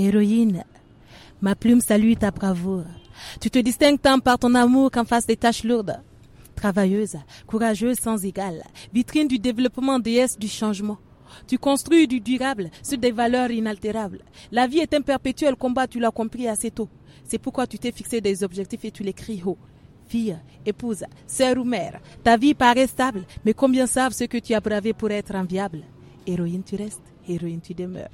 Héroïne, ma plume salue ta bravoure. Tu te distingues tant par ton amour qu'en face des tâches lourdes. Travailleuse, courageuse sans égale, vitrine du développement, déesse du changement. Tu construis du durable sur des valeurs inaltérables. La vie est un perpétuel combat, tu l'as compris assez tôt. C'est pourquoi tu t'es fixé des objectifs et tu les cries haut. Fille, épouse, sœur ou mère, ta vie paraît stable, mais combien savent ce que tu as bravé pour être enviable Héroïne, tu restes, héroïne, tu demeures.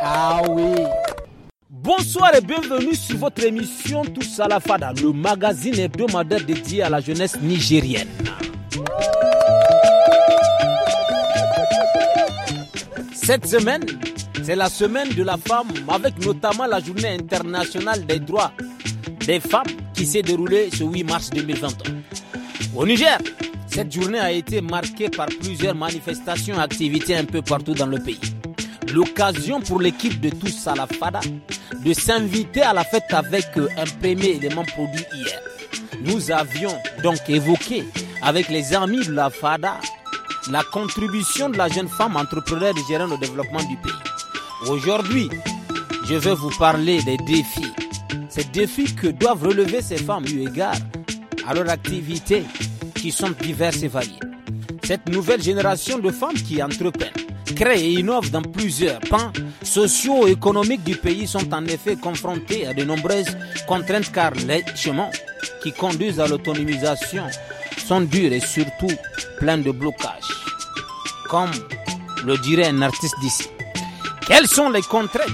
Ah Bonsoir et bienvenue sur votre émission Tous à la Fada, le magazine hebdomadaire dédié à la jeunesse nigérienne. Cette semaine, c'est la semaine de la femme avec notamment la journée internationale des droits des femmes qui s'est déroulée ce 8 mars 2020. Au Niger, cette journée a été marquée par plusieurs manifestations et activités un peu partout dans le pays l'occasion pour l'équipe de tous à la Fada de s'inviter à la fête avec euh, un premier élément produit hier. Nous avions donc évoqué avec les amis de la Fada la contribution de la jeune femme entrepreneur et le au développement du pays. Aujourd'hui, je vais vous parler des défis. Ces défis que doivent relever ces femmes eu égard à leur activité qui sont diverses et variées. Cette nouvelle génération de femmes qui entreprennent créent et innovent dans plusieurs pans socio-économiques du pays sont en effet confrontés à de nombreuses contraintes car les chemins qui conduisent à l'autonomisation sont durs et surtout pleins de blocages. Comme le dirait un artiste d'ici. Quelles sont les contraintes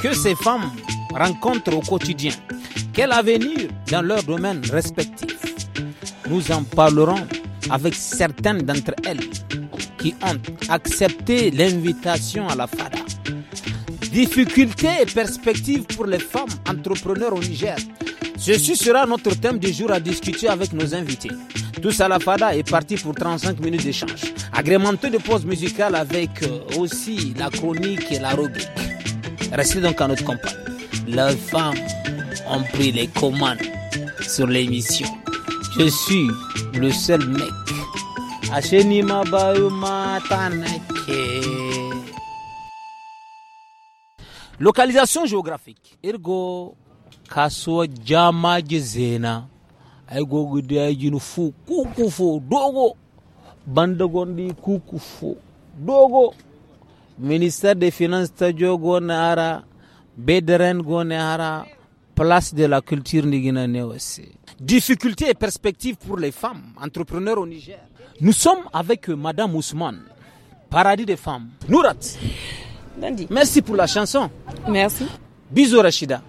que ces femmes rencontrent au quotidien Quel avenir dans leur domaine respectif Nous en parlerons avec certaines d'entre elles qui ont accepté l'invitation à la FADA. Difficultés et perspectives pour les femmes entrepreneurs au Niger. Ceci sera notre thème du jour à discuter avec nos invités. Tous à la FADA est parti pour 35 minutes d'échange, agrémenté de pauses musicales avec euh, aussi la chronique et la rubrique. Restez donc à notre campagne. Les femmes ont pris les commandes sur l'émission. Je suis le seul mec localisation géographique Ergo, kasuwa jamaji zena ay gogo fu kuku dogo banda gondi kuku dogo ministère des finances ta jogo na bederen place de la culture nigina newese difficultés et perspectives pour les femmes entrepreneurs au Niger nous sommes avec euh, Madame Ousmane, paradis des femmes. Nourat. Dandy. Merci pour la chanson. Merci. Bisous Rachida.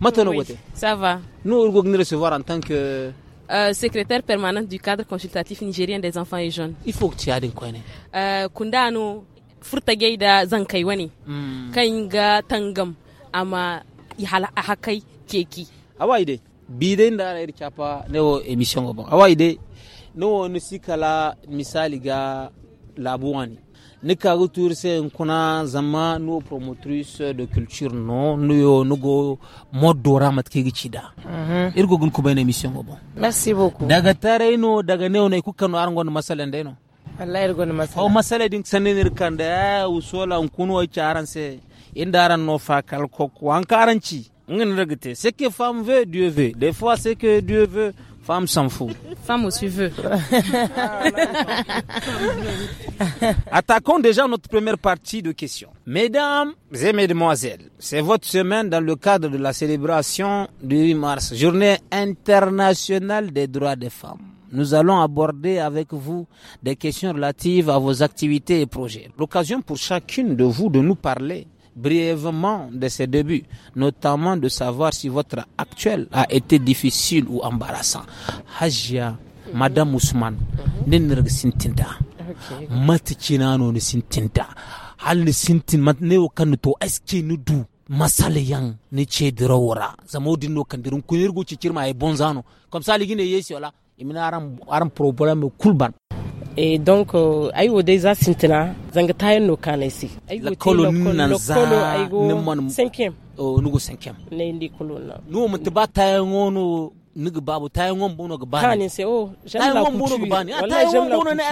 Matano oui, ça va. Nous allons recevoir en tant que euh, secrétaire permanente du cadre consultatif nigérien des enfants et jeunes. Il faut que tu aies quoi hein. euh, Kundano furtage da zankai wani hmm. kainga tangam ama ihala a keki. Awa ide biden chapa neo emission no ni sikala misali ga labuwani ni kagu turise se kuna zama no promotrice de culture no nuyo nugo modora ramat ke gicida mhm. irgo gun kubayna mission go merci beaucoup daga tare no daga ne ne kukkan no argon masalan dai no wallahi irgo ni masala o masala din sanin irkan da eh, usola kunu ay charan se indaran no fa kal kokko an karanci ngin regte ce que femme veut dieu veut des fois c'est que dieu veut Femme s'en fout. Femme aussi veut. Attaquons déjà notre première partie de questions. Mesdames et mesdemoiselles, c'est votre semaine dans le cadre de la célébration du 8 mars, journée internationale des droits des femmes nous allons aborder avec vous des questions relatives à vos activités et projets. L'occasion pour chacune de vous de nous parler brièvement de ses débuts, notamment de savoir si votre actuel a été difficile ou embarrassant. Hajia, mhm. Madame Ousmane, mhm. Nenreg Sintinda, Matikinano Sintinda, Hal Sintin, Matneo Kanuto, Eski Nudu, Masaleyan, zamo Drawara, no Kandirun Kunirgo Chichirma et Bonzano. Comme ça, ligine Guinéens, voilà, imina aram aram un problème et donc ay wo dai zanga no kana si ay kolo nan za ne mon cinquième o oh, nugo ne ndi kolo no mun ba tayen wono nugu babu tayen won bono ga bani se o tayen won bono ga bana bono na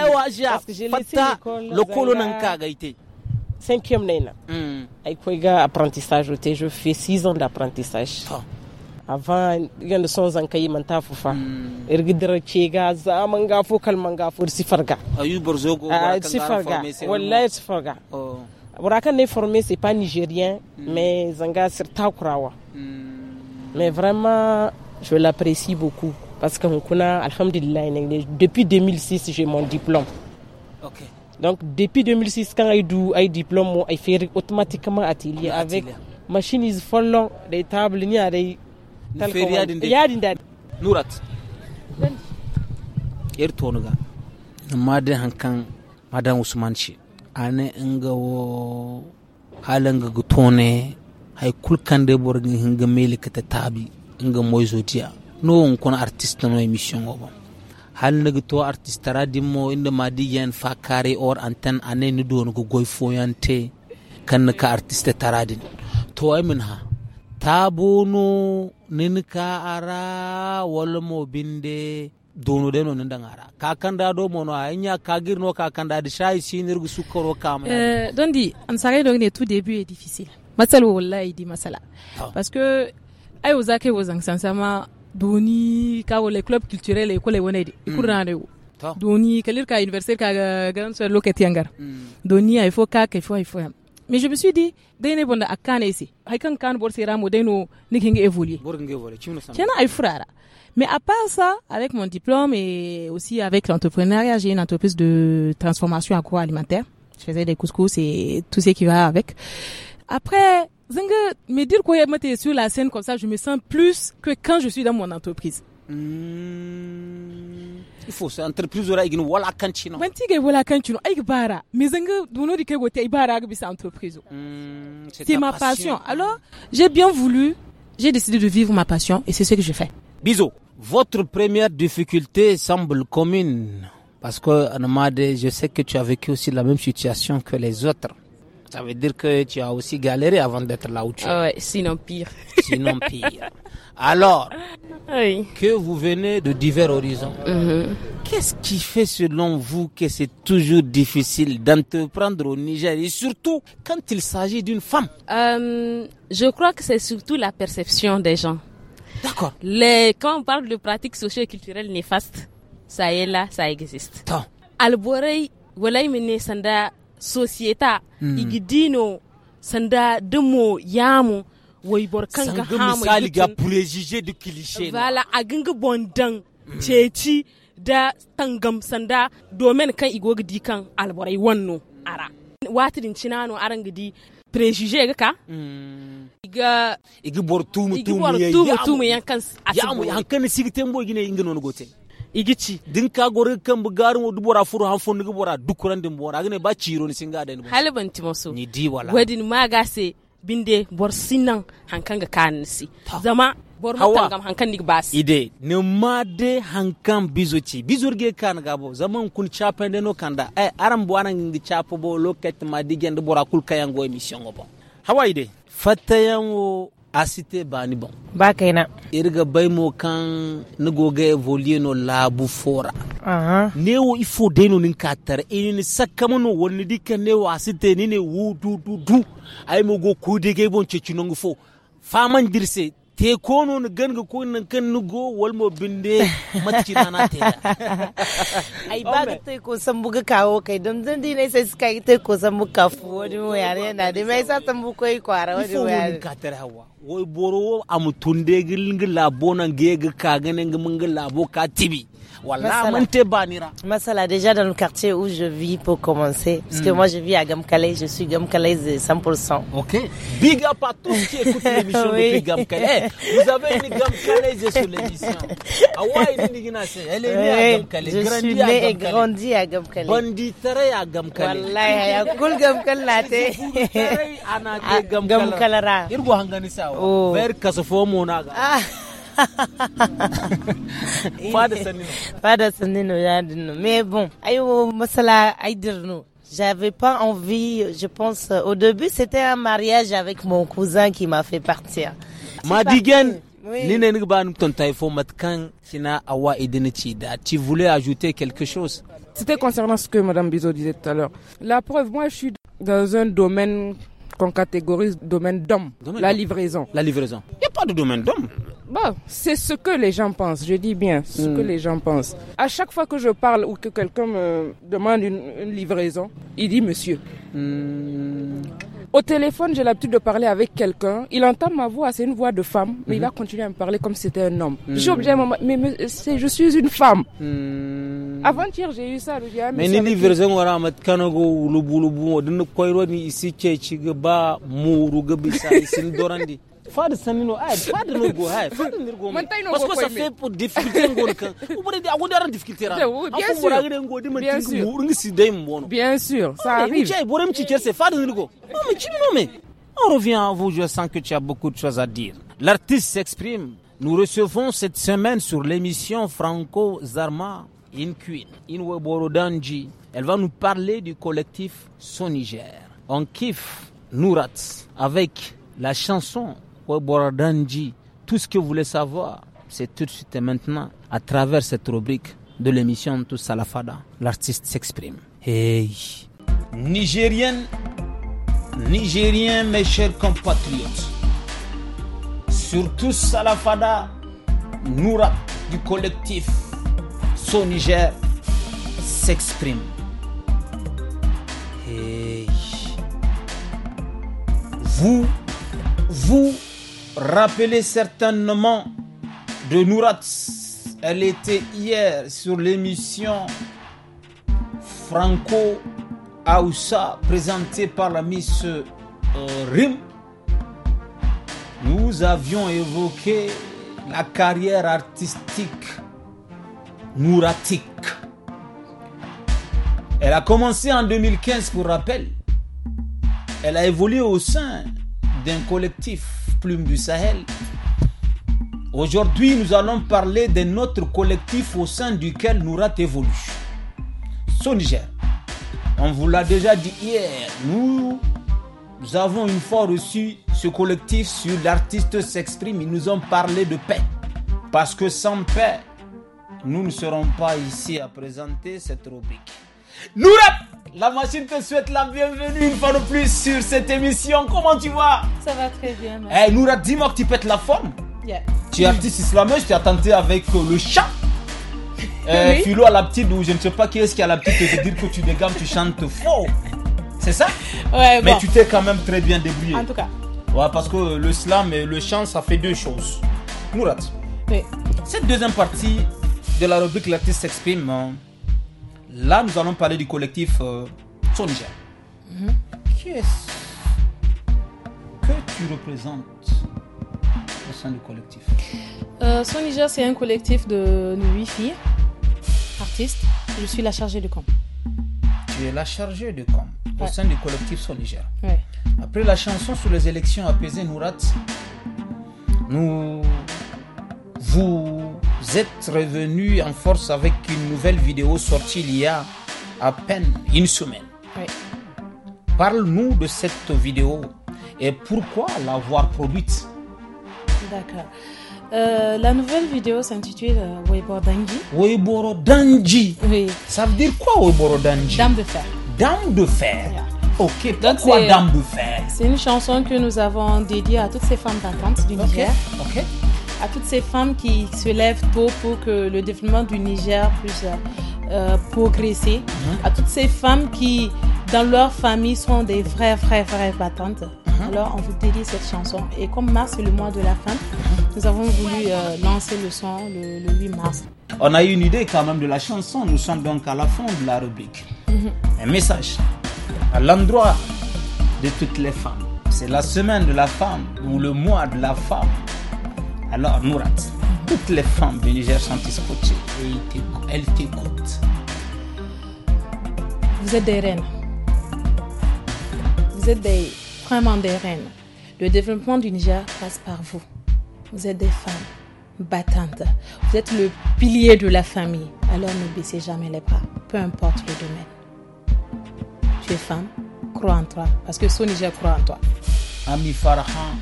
fatta lo kolo nan ka cinquième nena hmm. ay koy apprentissage je fais 6 ans d'apprentissage avant iganda son zan kai man ta fufa irgidar ce ga zaman ga fokal man ga fur sifarga ayu borzo go ba kan sifarga wallahi sifarga burakan oh. ne formé c'est pas nigérien hmm. mais zanga c'est takurawa hmm. mais vraiment je l'apprécie beaucoup parce que kuna alhamdulillah depuis 2006 j'ai mon diplôme OK donc depuis 2006 quand ai du ai diplôme mo ai fait automatiquement atelier avec machines, is des tables ni des yar tonuga amma da hankan madan usman ce ane inga wo halan ga gutone hay kulkan de borgi hinga melika ta tabi inga moizotiya no on artiste no emission o hal nag to artiste ra dimmo inda madi yen fa kare or anten ane ni don go goy foyante kan ka artiste taradin to ay min ha tabunu ninka ara walmo binde dono deno nan dan ara kanda do mono ka girno ka kanda de shay sinir gu sukoro kam euh di am sare do ne tout début est difficile masal wallahi di masala parce que ay ozake wozang sansama doni ka wala club culturel e kole wonede ikurna de doni kalir ka université ka garan so lokati angar doni ay fo ka ka fo ay fo yam Mais je me suis dit, kan bor Mais à part ça, avec mon diplôme et aussi avec l'entrepreneuriat, j'ai une entreprise de transformation agroalimentaire. Je faisais des couscous et tout ce qui va avec. Après, me dire quoi, mettre sur la scène comme ça, je me sens plus que quand je suis dans mon entreprise. Hmm entreprise c'est ma passion. alors j'ai bien voulu j'ai décidé de vivre ma passion et c'est ce que je fais bisous votre première difficulté semble commune parce que Anamade, je sais que tu as vécu aussi la même situation que les autres ça veut dire que tu as aussi galéré avant d'être là où tu es. Ah sinon pire. Sinon pire. Alors, que vous venez de divers horizons, mhm. qu'est-ce qui fait selon vous que c'est toujours difficile d'entreprendre au Niger et surtout quand il s'agit d'une femme euh, Je crois que c'est surtout la perception des gens. D'accord. quand on parle de pratiques socio-culturelles néfastes, ça est là, ça existe. Tant. sanda societa mm. igidino sanda demo yamu wai borkan ga hamu misali ga prejudice du cliché voilà a ginga bondan hmm. ceci da tangam sanda domin kan igo gidi kan alborai wanno ara watirin cinano aran gidi prejudice ga ka hmm. iga iga bor tumu tumu ya tumu yan kan a tumu yan kan gine ingino no gote igici din ka gori kan bu garin du bora furu han fon bora dukuran din bora agne ba ciro ni singa da ni halban timoso ni di wala wadin ma ga se binde bor sinan hankan ga kanisi zama bor mutan gam hankan ni bas ide ne ma de hankan bizo ci bizo kan ga bo zaman kun chapen de no kanda ai e, aram bo anan ngi chapo bo loket ma digen de kul kayango emission go bo hawaide fatayan wo asite bani bon ba kaina irga bay mo kan ni goga evoluer no labu fora aha ne wo ifo deno nin katar e ni no woni dikka asite ni ne wudu du du ay mo go kude bon te kono ni ganga ko nan kan ni go mo binde matci na na te ai ba ga te ko san buga kawo kai dan dan dai sai suka yi te ko san buga kafu wani mo yare na dai mai sa tambu ko yi kwara wani mo yare ka tar hawa wo boro am tunde gilin gila bonan ge ga ka ganin ga mun ga bo ka tibi Masala, déjà dans le quartier où je vis pour commencer, parce que mm. moi je vis à Gamkale, je suis Gamkale 100%. Ok. Big up à tous qui écoutent l'émission oui. depuis Gamkale. Eh, vous avez une Gamkale sur l'émission. Elle ah est née oui. à Gamkale. Je grandi suis née et grandie à Gamkale. Bonditare à Gamkale. Wallahi, ya kul Gamkale nate. Gamkale ra. Irgo hangani sawa. Oh. Ver kasofo monaga. onaga. Ah. Pas de sanino. Pas de Mais bon, ayo, oh, masala, J'avais pas envie, je pense, euh, au début, c'était un mariage avec mon cousin qui m'a fait partir. Madigan, tu voulais ajouter quelque chose C'était concernant ce que Madame Bizot disait tout à l'heure. La preuve, moi je suis dans un domaine qu'on catégorise domaine d'homme, la livraison. La livraison. Il n'y a pas de domaine d'homme. Bon, c'est ce que les gens pensent, je dis bien, ce hmm. que les gens pensent. À chaque fois que je parle ou que quelqu'un me demande une, livraison, il dit monsieur. Hmm. Au téléphone, j'ai l'habitude de parler avec quelqu'un. Il entend ma voix, c'est une voix de femme, mais il va mhm. continuer à me parler comme si c'était un homme. Mm -hmm. J'ai mais, mais je suis une femme. Mhm. Avant-hier, j'ai eu ça. Mais ni diversion wara mat kanago faire lubu odun koyro ni isi che chiga ba muru gabisa isin dorandi fadi sanino ay fadi no go hay fadi ndir go man parce que ça fait pour difficulté ngol kan ou bari di agu daran difficulté ra bien sûr agu daran go di man tingu mur ngi si dem bono bien sûr ça arrive chay borem ci cer c'est fadi ndir go non mais ci non mais on revient à vous je sens que tu as beaucoup de choses à dire l'artiste s'exprime nous recevons cette semaine sur l'émission Franco Zarma In queen Inwe Borodanji elle va nous parler du collectif Son Niger on kiffe Nourat avec la chanson tout ce que vous voulez savoir, c'est tout de suite et maintenant, à travers cette rubrique de l'émission Tout Salafada, l'artiste s'exprime. Hey. Nigérienne, Nigérien, mes chers compatriotes, surtout Salafada, Noura du collectif Son Niger s'exprime. Hey. Vous, vous, rappelez certainement de Nourat. Elle était hier sur l'émission Franco Aoussa présentée par la Miss euh, Rim. Nous avions évoqué la carrière artistique nouratique. Elle a commencé en 2015 pour rappel. Elle a évolué au sein d'un collectif plume du Sahel. Aujourd'hui, nous allons parler de notre collectif au sein duquel nous Nourat évolue. Soniger, On vous l'a déjà dit hier, nous, nous avons une fois reçu ce collectif sur l'artiste s'exprime. Ils nous ont parlé de paix. Parce que sans paix, nous ne serons pas ici à présenter cette rubrique. Nous la machine te souhaite la bienvenue une fois de plus sur cette émission. Comment tu vas Ça va très bien. Eh, hey, dis-moi que tu pètes la forme. Yeah. Tu es artiste islamien, je t'ai tenté avec euh, le chant. Euh, oui. à la petite, ou je ne sais pas qui est-ce qui a la petite de dire que tu dégames, tu chantes faux. C'est ça Ouais, Mais tu t'es quand même très bien débrouillé. En tout cas. Ouais, parce que le slam et le chant, ça fait deux choses. Nourat. Oui. Cette deuxième partie de la rubrique L'artiste s'exprime. Hein. Là, nous allons parler du collectif euh, Soniger. Mhm. Qui est ce que tu représentes au sein du collectif euh, Soniger, c'est un collectif de huit filles, artistes. Je suis la chargée de camp. Tu es la chargée de camp au sein du collectif Soniger. Après la chanson sur les élections apaisées, Nourat, nous vous vous êtes revenu en force avec une nouvelle vidéo sortie il y a à peine une semaine. Oui. Parle-nous de cette vidéo et pourquoi l'avoir produite. D'accord. Euh, la nouvelle vidéo s'intitule euh, Weiboro Oui. Ça veut dire quoi Danji Dame de fer. Dame de fer. Ok, donc c'est Dame de fer C'est une chanson que nous avons dédiée à toutes ces femmes d'attente du Ok, Ok à toutes ces femmes qui se lèvent tôt pour que le développement du Niger puisse euh, progresser, uh-huh. à toutes ces femmes qui, dans leur famille, sont des vraies, vraies, vraies battantes. Uh-huh. Alors, on vous dédie cette chanson. Et comme mars, est le mois de la femme, uh-huh. nous avons voulu euh, lancer le son le, le 8 mars. On a eu une idée quand même de la chanson. Nous sommes donc à la fin de la rubrique. Mm-hmm. Un message à l'endroit de toutes les femmes. C'est la semaine de la femme ou le mois de la femme. Alors Mourat, toutes les femmes du Niger sont scotchées et elles t'écoutent. Vous êtes des reines. Vous êtes vraiment des reines. Le développement du Niger passe par vous. Vous êtes des femmes battantes. Vous êtes le pilier de la famille. Alors ne baissez jamais les bras, peu importe le domaine. Tu es femme, crois en toi, parce que ce Niger croit en toi. Ami Farahan,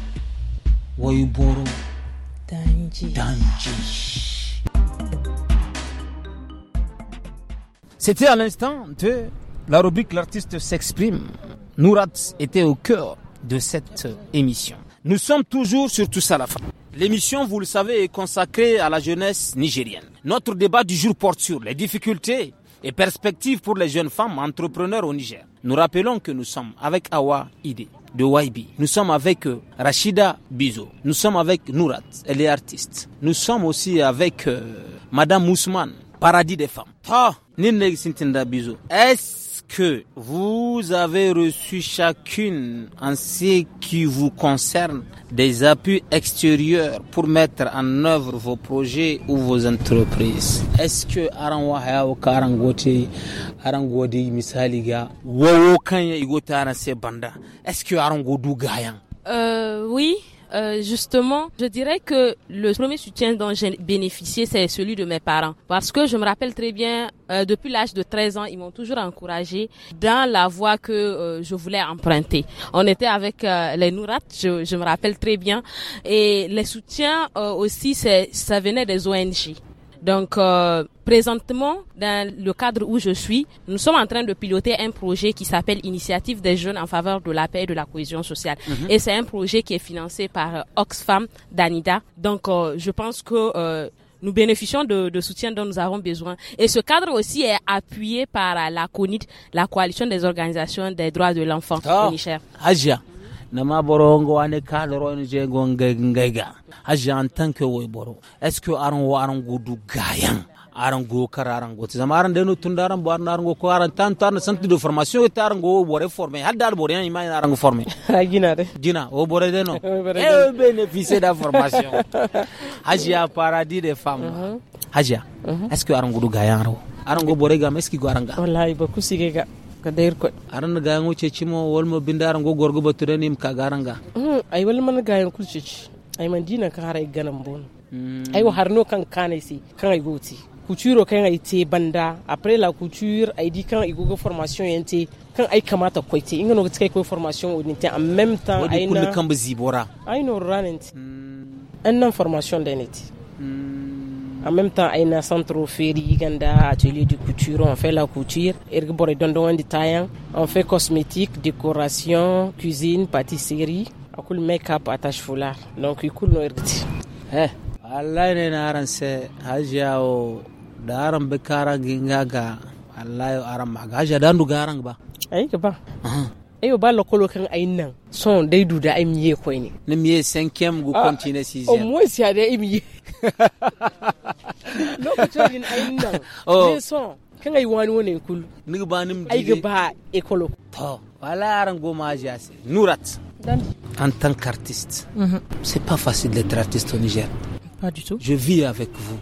c'était à l'instant de la rubrique L'artiste s'exprime. Nourat était au cœur de cette émission. Nous sommes toujours sur Tous à la fin. L'émission, vous le savez, est consacrée à la jeunesse nigérienne. Notre débat du jour porte sur les difficultés et perspectives pour les jeunes femmes entrepreneurs au Niger. Nous rappelons que nous sommes avec Awa ID de YB. Nous sommes avec euh, Rachida Bizo. Nous sommes avec Nourat, elle est artiste. Nous sommes aussi avec euh, Madame Moussman, paradis des femmes. Ah, Est-ce que vous avez reçu chacune en ce qui vous concerne des appuis extérieurs pour mettre en œuvre vos projets ou vos entreprises. Est-ce que aran hayawo o Karangote, Arangodi misaliga, gode misali kan ya Est-ce que aran godu Euh oui. Euh, justement, je dirais que le premier soutien dont j'ai bénéficié, c'est celui de mes parents. Parce que je me rappelle très bien, euh, depuis l'âge de 13 ans, ils m'ont toujours encouragé dans la voie que euh, je voulais emprunter. On était avec les Nourats, je, je, me rappelle très bien. Et les soutiens aussi, ça venait des ONG. Donc, euh, présentement, dans le cadre où je suis, nous sommes en train de piloter un projet qui s'appelle Initiative des jeunes en faveur de la paix et de la cohésion sociale. Mhm. Et c'est un projet qui est financé par euh, Oxfam Danida. Donc, euh, je pense que nous bénéficions de, soutien dont nous avons besoin. Et ce cadre aussi est appuyé par la CONIT, la Coalition des organisations des droits de l'enfant oh, nama boro ngo ane kaloro ne je ngo ngaiga haji boro est ce que arangou wo gudu gayan aran go kar aran go zama aran deno bo ko centre de formation et aran go bore formé hal dal bore yan hein, imay aran go gina eh, de gina o bore bénéficier da formation hajia paradis des femmes uh-huh. hajia uh-huh. est ce que arangou go du gayan ro aran go bore ga kusigega kadayir ko aran gayan wuce cimo wal mo bindaran go gorgo bature nim ka garanga hmm, ay wal man gayan kulcici ay man dina ka hara ganan bon hmm. ay har harno kan kanai si kan ay goti kuciro kan ay te banda après la couture ay di kan ay go formation yente kan ai kamata kwaite ingano no kai ko formation o odinte en même temps ay na kan bazibora ay no ranent hmm. an nan formation da ne ti en même temps ayna centre feri yiganda atelier de couture on fait la couture erga bore dondon di tayan hein. on fait cosmétique décoration cuisine pâtisserie akul make-up attache foulard donc ikul no ergti eh wallahi ne naran se hajiya o daran be karangi wallahi aran maga hajiya dandu garang ba eh, ay ba ayo e ba lokolo kan ayin nan son dai duda ai miye ni. ne na miye san kem go konti ah, na e season o mo siya dai miye lokacin ayin nan ne son kan ai wani wani kul ni ba nim ai ga ba ekolo to wala aran go ma jase nurat en tant qu'artiste mhm. c'est pas facile d'être artiste au Niger pas du tout je vis avec vous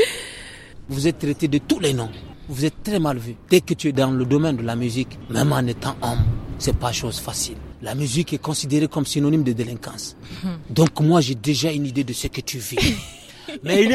vous êtes traité de tous les noms vous êtes très mal vu. Dès que tu es dans le domaine de la musique, même en étant homme, c'est pas chose facile. La musique est considérée comme synonyme de délinquance. Hmm. Donc moi, j'ai déjà une idée de ce que tu vis. Mais il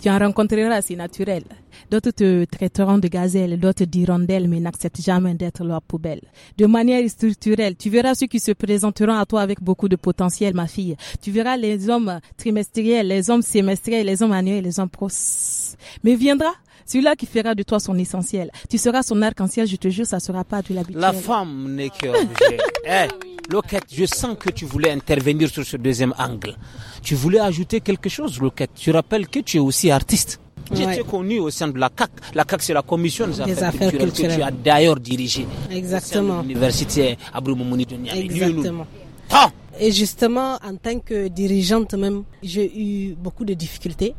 Tu en rencontreras, c'est naturel. D'autres te traiteront de gazelle, d'autres d'hirondelle, mais n'acceptent jamais d'être leur poubelle. De manière structurelle, tu verras ceux qui se présenteront à toi avec beaucoup de potentiel, ma fille. Tu verras les hommes trimestriels, les hommes semestriels, les hommes annuels, les hommes pros. Mais viendra celui-là qui fera de toi son essentiel. Tu seras son arc-en-ciel, je te jure, ça ne sera pas de l'habitude. La femme n'est que objet. hey, eh, Loquette, je sens que tu voulais intervenir sur ce deuxième angle. Tu voulais ajouter quelque chose, Loquette. Tu rappelles que tu es aussi artiste. Tu étais connu au sein de la CAC. La CAC, c'est la commission des, affaires, culturelles, que tu as d'ailleurs dirigée. Exactement. L'université Abou Moumouni de Niamey. Exactement. Et justement, en tant que dirigeante même, j'ai eu beaucoup de difficultés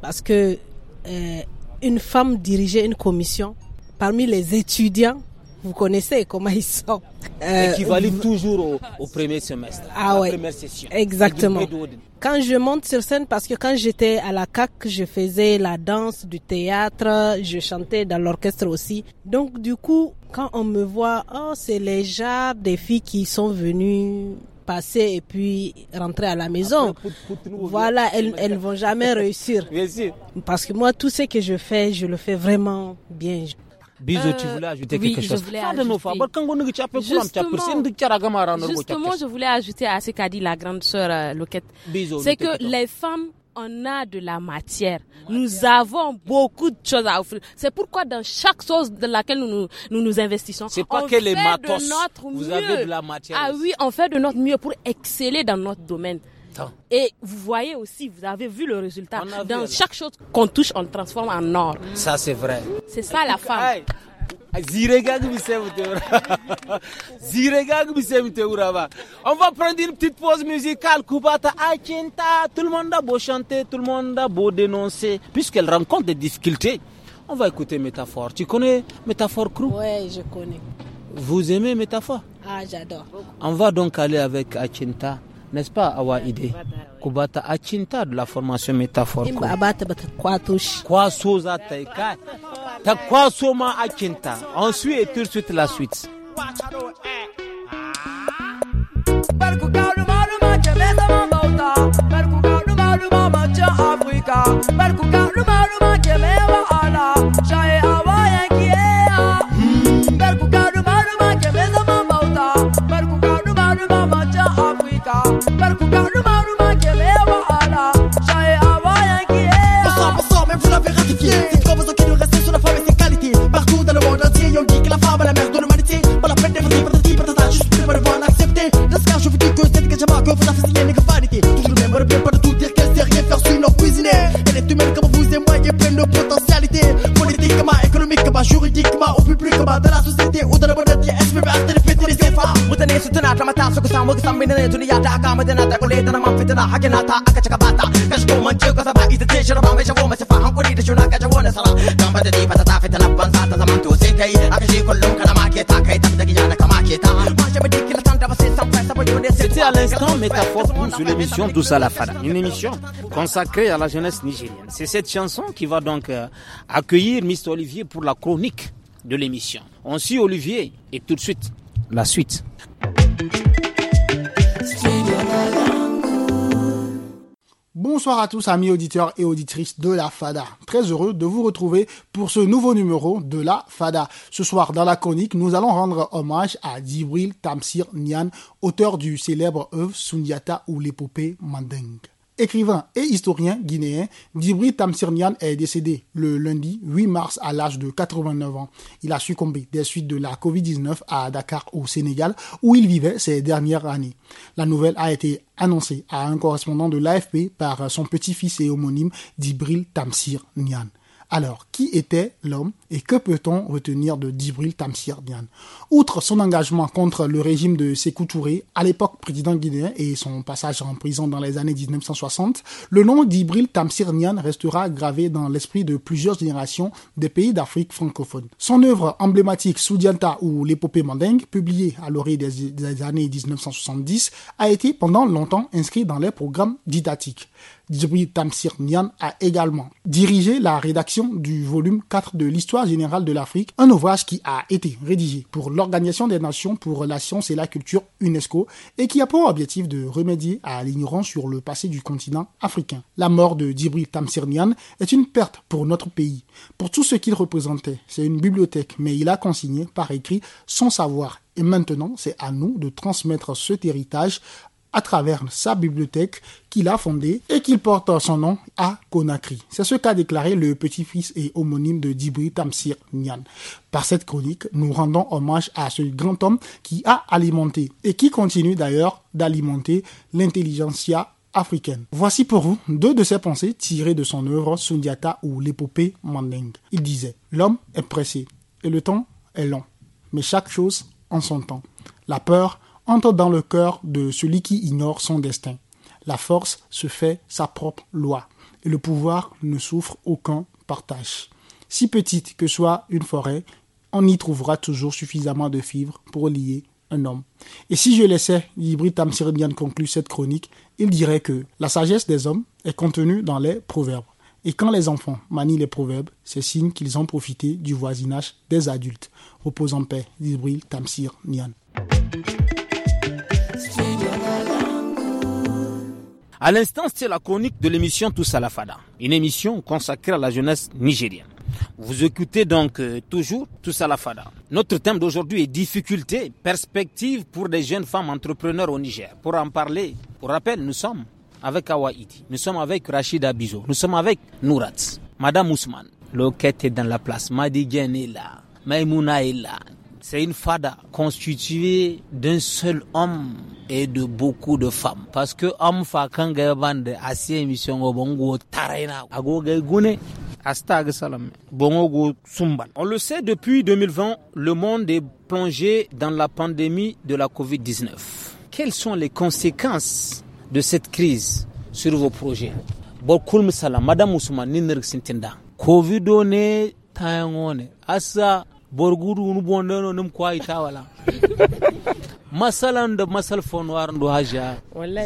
parce que euh, une femme dirigeait une commission parmi les étudiants vous connaissez comment ils sont. Euh, toujours au, premier semestre, ah, à première session. Exactement. Quand je monte sur scène, parce que quand j'étais à la CAC, je faisais la danse, du théâtre, je chantais dans l'orchestre aussi. Donc du coup, quand on me voit, oh, c'est les gens des filles qui sont venues passer et puis rentrer à la maison. Voilà, elles, ne vont jamais réussir. Parce que moi, tout ce que je fais, je le fais vraiment bien. Bisous, tu euh, voulais ajouter quelque chose Justement, je voulais ajouter à ce qu'a dit la grande sœur euh, Loquette. C'est que les femmes on a de la matière. Nous avons beaucoup de choses à offrir. C'est pourquoi dans chaque chose dans laquelle nous nous, investissons, c'est pas on que fait les matos, de notre mieux. vous avez de la matière. Ah oui, on fait de notre mieux pour exceller dans notre domaine. Et vous voyez aussi, vous avez vu le résultat. Dans chaque chose qu'on touche, on transforme en or. Ça, c'est vrai. C'est ça la femme. On va prendre une petite pause musicale. tout le monde a beau chanter, tout le monde a beau dénoncer, puisqu'elle rencontre des difficultés. On va écouter Métaphore. Tu connais Métaphore Crew Oui, je connais. Vous aimez Métaphore Ah, j'adore. On va donc aller avec Métaphore n'est-ce pas, Awa idée On achinta la formation métaphore. quoi? ma Ensuite et tout de suite la suite. Barco, carro, mauro, ake na ta aka cika bata ka shigo man ce kasa ba ita ce shirba mai shago mace fa hankuri da shuna ka jawo nasara dan ba da ni ba ta tafi ta labban sa ta zaman to sai kai aka shi kullum kana make ta kai ta da giya da kama ke ta ma shi bidi kila tan da ba sai san fa C'était à l'instant Métaphore Blues sur l'émission Doussa la Fada, une émission consacrée à la jeunesse nigérienne. C'est cette chanson qui va donc euh, accueillir Mr. Olivier pour la chronique de l'émission. On suit Olivier et tout de suite la suite. Bonsoir à tous, amis auditeurs et auditrices de la FADA. Très heureux de vous retrouver pour ce nouveau numéro de la FADA. Ce soir, dans la chronique, nous allons rendre hommage à Djibril Tamsir Nian, auteur du célèbre œuvre Sunyata ou l'épopée Manding écrivain et historien guinéen, Tamsir Nian est décédé le lundi 8 mars à l'âge de 89 ans. Il a succombé des suites de la Covid-19 à Dakar au Sénégal où il vivait ses dernières années. La nouvelle a été annoncée à un correspondant de l'AFP par son petit-fils et homonyme Dibril Tamsir Nian. Alors, qui était l'homme et que peut-on retenir de Dibril Tamsir Nian Outre son engagement contre le régime de Sékou Touré, à l'époque président guinéen et son passage en prison dans les années 1960, le nom d'Ibril Tamsir Nian restera gravé dans l'esprit de plusieurs générations des pays d'Afrique francophone. Son œuvre emblématique Soudianta ou l'épopée mandingue, publiée à l'orée des, des années 1970, a été pendant longtemps inscrite dans les programmes didactiques. Djibril Tamsir Nian a également dirigé la rédaction du volume 4 de l'Histoire générale de l'Afrique, un ouvrage qui a été rédigé pour l'Organisation des Nations pour la science et la culture UNESCO et qui a pour objectif de remédier à l'ignorance sur le passé du continent africain. La mort de Djibril Tamsir Nian est une perte pour notre pays, pour tout ce qu'il représentait. C'est une bibliothèque, mais il a consigné par écrit son savoir et maintenant, c'est à nous de transmettre cet héritage à travers sa bibliothèque qu'il a fondée et qu'il porte son nom à Conakry. C'est ce qu'a déclaré le petit-fils et homonyme de Dibri Tamsir Nyan. Par cette chronique, nous rendons hommage à ce grand homme qui a alimenté et qui continue d'ailleurs d'alimenter l'intelligentsia africaine. Voici pour vous deux de ses pensées tirées de son œuvre Sundiata ou l'épopée Manding. Il disait L'homme est pressé et le temps est long, mais chaque chose en son temps. La peur entre dans le cœur de celui qui ignore son destin. La force se fait sa propre loi et le pouvoir ne souffre aucun partage. Si petite que soit une forêt, on y trouvera toujours suffisamment de fibres pour lier un homme. Et si je laissais Tamsir Nian, conclure cette chronique, il dirait que la sagesse des hommes est contenue dans les proverbes. Et quand les enfants manient les proverbes, c'est signe qu'ils ont profité du voisinage des adultes. Repose en paix, Ibril Tamsir Nian. À l'instant, c'est la chronique de l'émission Tous à Fada, une émission consacrée à la jeunesse nigérienne. Vous écoutez donc euh, toujours Tous à Fada. Notre thème d'aujourd'hui est difficultés, perspectives pour des jeunes femmes entrepreneurs au Niger. Pour en parler, pour rappel, nous sommes avec Hawaïti, nous sommes avec Rachida Bizo, nous sommes avec Nourat, Madame Ousmane. L'enquête est dans la place, Madi est là, est là, c'est une fada constituée d'un seul homme et de beaucoup de femmes. Parce que homme fa kan bande mission bongo tarena ago gune astag salam bongo go On le sait depuis 2020, le monde est plongé dans la pandémie de la Covid-19. Quelles sont les conséquences de cette crise sur vos projets Bokul salam madame Ousmane Ninir Sintinda. Covid 19 tayangone asa borguru nu bondano num kwai ta masalan da masal fonwar ndo haja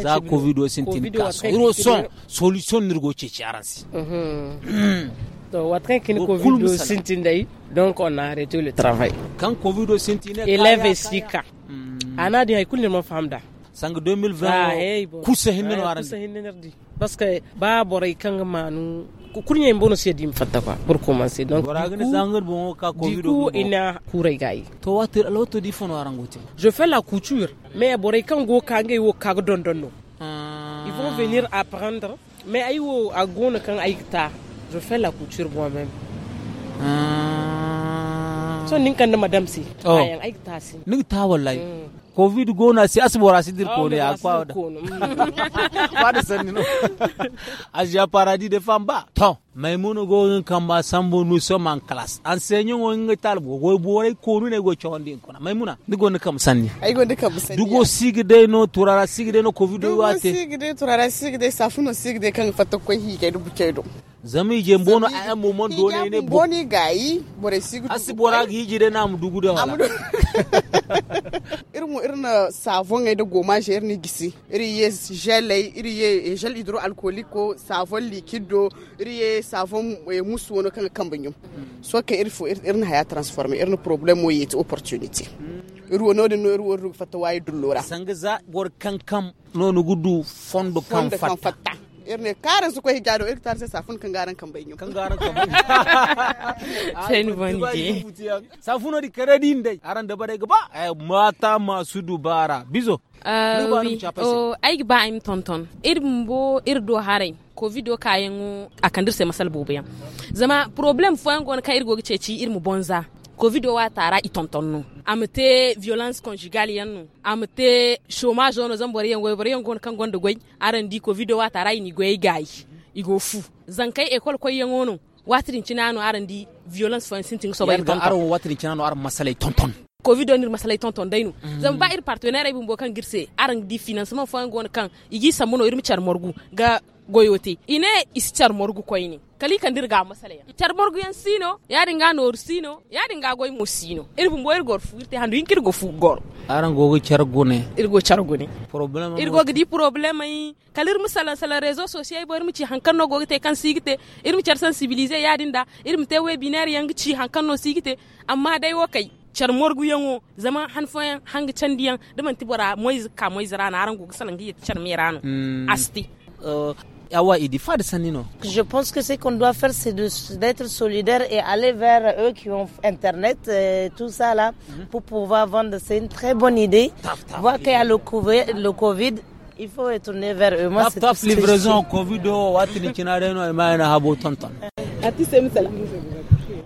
za covid o sintin ka iro son solution nirgo ce ci aransi Donc, COVID -19. donc on a arrêté le travail. Quand Covid élève sika. Hmm. Ana di Sang 2020 ah, Parce que ba boray manu kurɲa bono se dim fatta quoi pour commencer donc du coup ina kurai gai to watir alo to di fono arangote je fais la couture mais borai kan go kange wo kago don don no ah. ils vont venir apprendre mais ay wo a kan ay ta je fais la couture moi même ah. so nin da madam si ayan oh. ay ta si nin ta wallahi mm. covid gona si asbora sidir ah, kone ya kwa da mm. sanni no asia paradis de femme ba may mono go ngun kamba sambo nous sommes en classe enseignant ngo ngetal bo go bore ko nu ne go chondi ko may muna digo ne kam sanni ay go ne kam sanni dugo sigde no turara sigde no covid do wate sigde turara sigde safuno sigde kan fatta ko hi kay e du bucay do zami je mbono a am mon do ne ne boni gayi bore sigde asbora gi jire nam am dugu wala mu irna savon ai da goma shi irni gisi iri ye gel iri ye eh, gel hydroalcoolique ko savon liquide iri ye savon eh, musu wono kan kan banyo so ka irfo irna haya transformer irna problem wo yiti opportunity ruwa de no ruwa wor fata wayi dullora sanga za gor kan kam nonu no gudu fondo kan fatta irne karin su ko hijado ir tar safun kan garan kan banyo kan garan kan banyo bonje safuno di karadin dai aran da bare gaba mata masu dubara bizo Uh, ah, oui. oh, aigi ba im tonton irin bo irin do harai covid do kayan akandir sai masal bobiyan zama problem fo an gon ka ir gogi ci irin mu bonza covid o wa tara i tɔntɔnnu violence conjugale yan nu tɛ chômage ono zan bori yan goy bori yan kan gonde goy covid o wa tara ini goy gay i go fu zan kai école koy yan ono watirin cinano aran violence fo sinting so bay tonton aran watirin cinano aran tonton covid onir masalay tonton daynu mm. zan ba ir partenaire ibum bo kan girsé. aran di financement fo an kan igi samuno irmi morgu ga goyote ine isi charmorgu koyni kali kandirga masala ya charmorgu yan sino yadi nga nor sino yadi goy mo sino irbu mboyr gor fuirte handu yinkir go fu gor aran go chargune irgo chargune problème gidi problème yi kalir masala sala réseau social boyr mu ci hankanno go te kan sigite irmu char sensibiliser yadinda irmu te webinaire yang ci Hankano sigite amma dai wo kai char morgu yango zama han foyan hang chandiyan daman tibora moiz ka moiz rana aran go salangi char mirano hmm. asti uh, je pense que ce qu'on doit faire, c'est d'être solidaire et aller vers eux qui ont Internet, euh, tout ça là, mhm. pour pouvoir vendre. C'est une très bonne idée. a le COVID, il faut retourner vers eux. Moi, c'est livraison, Covid,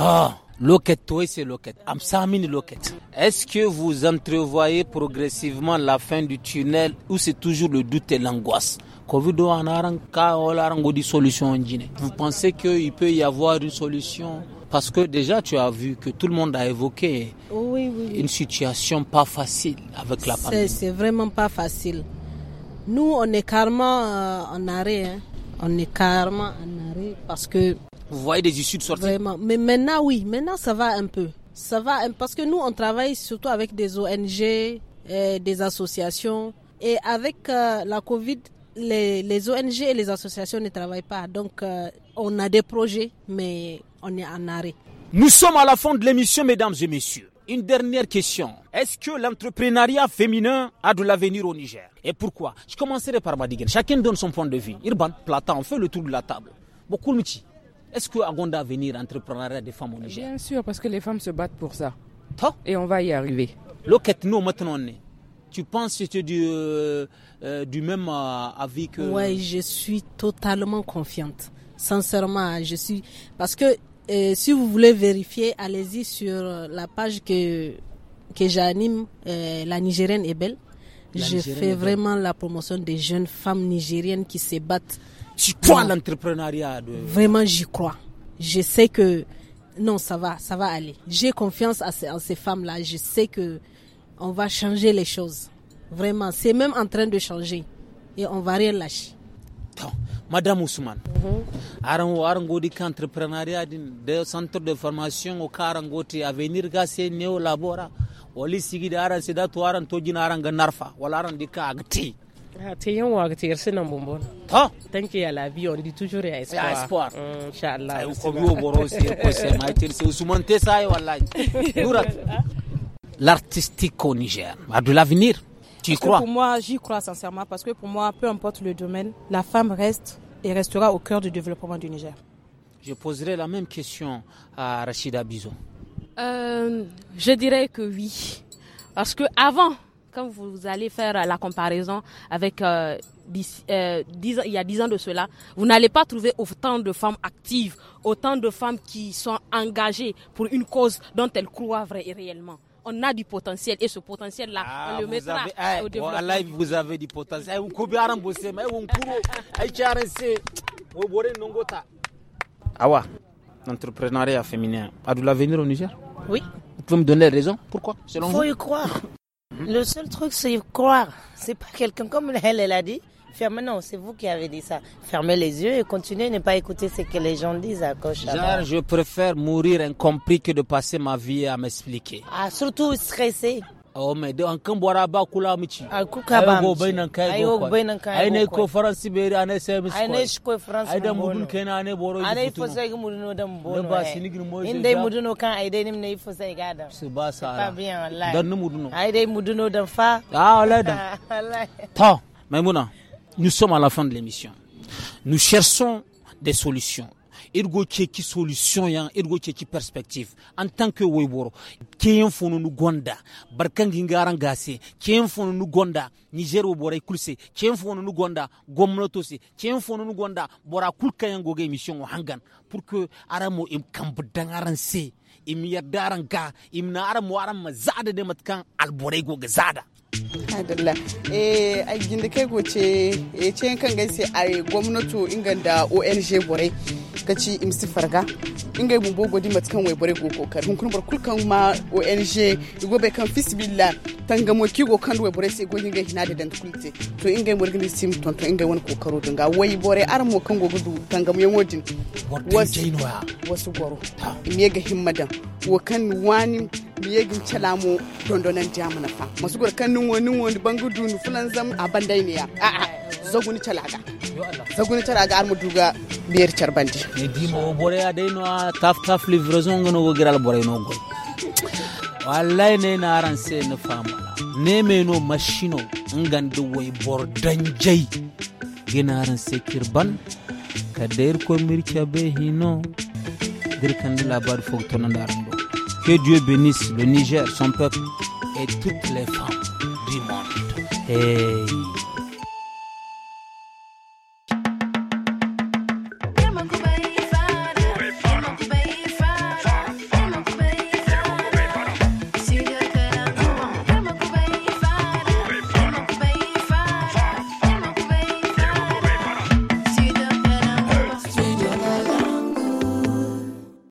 Ah, Loquette, toi c'est Loquette. Loquette. Est-ce que vous entrevoyez progressivement la fin du tunnel ou c'est toujours le doute et l'angoisse solution Vous pensez qu'il peut y avoir une solution parce que déjà, tu as vu que tout le monde a évoqué une situation pas facile avec la pandémie. C'est vraiment pas facile. Nous, on est carrément euh, en arrêt. Hein. On est carrément en arrêt parce que vous voyez des issues de sortie Vraiment. Mais maintenant, oui. Maintenant, ça va un peu. Ça va parce que nous, on travaille surtout avec des ONG, et euh, des associations. Et avec euh, la Covid, les, ONG et les associations ne travaillent pas. Donc, euh, on a des projets, mais on est en arrêt. Nous sommes à la fin de l'émission, mesdames et messieurs. Une dernière question. Est-ce que l'entrepreneuriat féminin a de l'avenir au Niger Et pourquoi Je commencerai par Madigan. Chacun donne son point de vue. Irban, Plata, on fait le tour de la table. Beaucoup est-ce que Agonda venir entrepreneuriat des femmes au Niger Bien sûr, parce que les femmes se battent pour ça. Et on va y arriver. Loquette, nous, maintenant, tu penses que tu es du, euh, euh, du même euh, avis que. Oui, je suis totalement confiante. Sincèrement, je suis. Parce que si vous voulez vérifier, allez-y sur la page que, que j'anime, La Nigérienne est belle. je fais vraiment la promotion des jeunes femmes nigériennes qui se battent tu crois à l'entrepreneuriat Vraiment, j'y crois. Je sais que non, ça va, ça va aller. J'ai confiance en ces, femmes-là. Je sais que on va changer les choses. Vraiment, c'est même en train de changer. Et on va rien lâcher. Madame Ousmane, arango mhm. arango di entrepreneuriat de centre de formation au karangoti avenir gase néo labora. Wali sigi de aran sida to aran to aran ganarfa. Wala aran di agti. Tant qu'il y a la vie, on dit toujours y a espoir. L'artistique au Niger a de l'avenir. Tu y crois Pour moi, j'y crois sincèrement parce que pour moi, peu importe le domaine, la femme reste et restera au cœur du développement du Niger. Je poserai la même question à Rachida bisou euh, je dirais que oui. Parce que avant, quand vous allez faire euh, la comparaison avec euh, euh, il y a 10 ans de cela, vous n'allez pas trouver autant de femmes actives, autant de femmes qui sont engagées pour une cause dont elles croient vrai réellement on a du potentiel et ce potentiel là ah, on le mettra eh, au développement. vous avez du potentiel. Eh, eh, Awa, l'entrepreneuriat féminin a de l'avenir au Niger Oui. Vous pouvez me donner raison Pourquoi Selon Faut vous y croire. Mhm. Le seul truc, c'est croire. C'est pas quelqu'un comme elle, elle a dit. Fermez, non, c'est vous qui avez dit ça. Fermez les yeux et continuez, ne pas écouter ce que les gens disent à gauche. je préfère mourir incompris que de passer ma vie à m'expliquer. Ah, surtout stressé awo oh, mai da an kan bora ba kula mici a ah, kuka ba ayo bai nan kai go bai nan kai ai ne ko faransi bai ai sai mi ai ne ko faransi ai da mudun kai na ne boro ai ne fa sai mudun no dan boro ba sinigin mo in dai mudun kan ai dai nim ne fa sai gada su ba sa dan ni mudun ai dai mudun dan fa ah wallahi dan ta maimuna nous sommes à la fin de l'émission nous cherchons des solutions irgo ceki solution yan irgo perspective en tant que woyboro keyen fonu nu gonda barkangi ngaran gase keyen fonu nu gonda niger wo bora kulse keyen fonu nu gonda gomnato se keyen fonu nu gonda bora kulka yan goge emission hangan pour que aramo im e kambu dangaran se im yardaran ga im e na aramo aram ma zada de matkan alborai zada Adalla. Eh, eh a gindikai goce e ce kan gaisi a gwamnati inganta ONG bore ci imsi farga inga mun bogo di matkan wai bore goko kar. hun kun bar kulkan ma ONG go bai kan fisbilla tangamo ki go kan wai bore sai go inga hina da dan kulte to inga yi mun da sim ton inga yi wani kokaro dinga wai bore ar kan go gudu tangamo yan wajen wasu goro me ga himmadan Wakan kan wani biyegin calamo dondonan na fa masu gurkan nin wani wani bangudu nu fulan zam a bandai ne ya a a zaguni calaga zaguni calaga armu duga biyar carbandi ne dimo bore ya dai no taf kaf livraison gono giral bore no go wallahi ne na ran sai na fama ne me no ngan du way bordan jai ran se kirban ka dair ko mirka be hino dirkan labar fogtonan da do Que Dieu bénisse le Niger, son peuple et toutes les femmes du monde.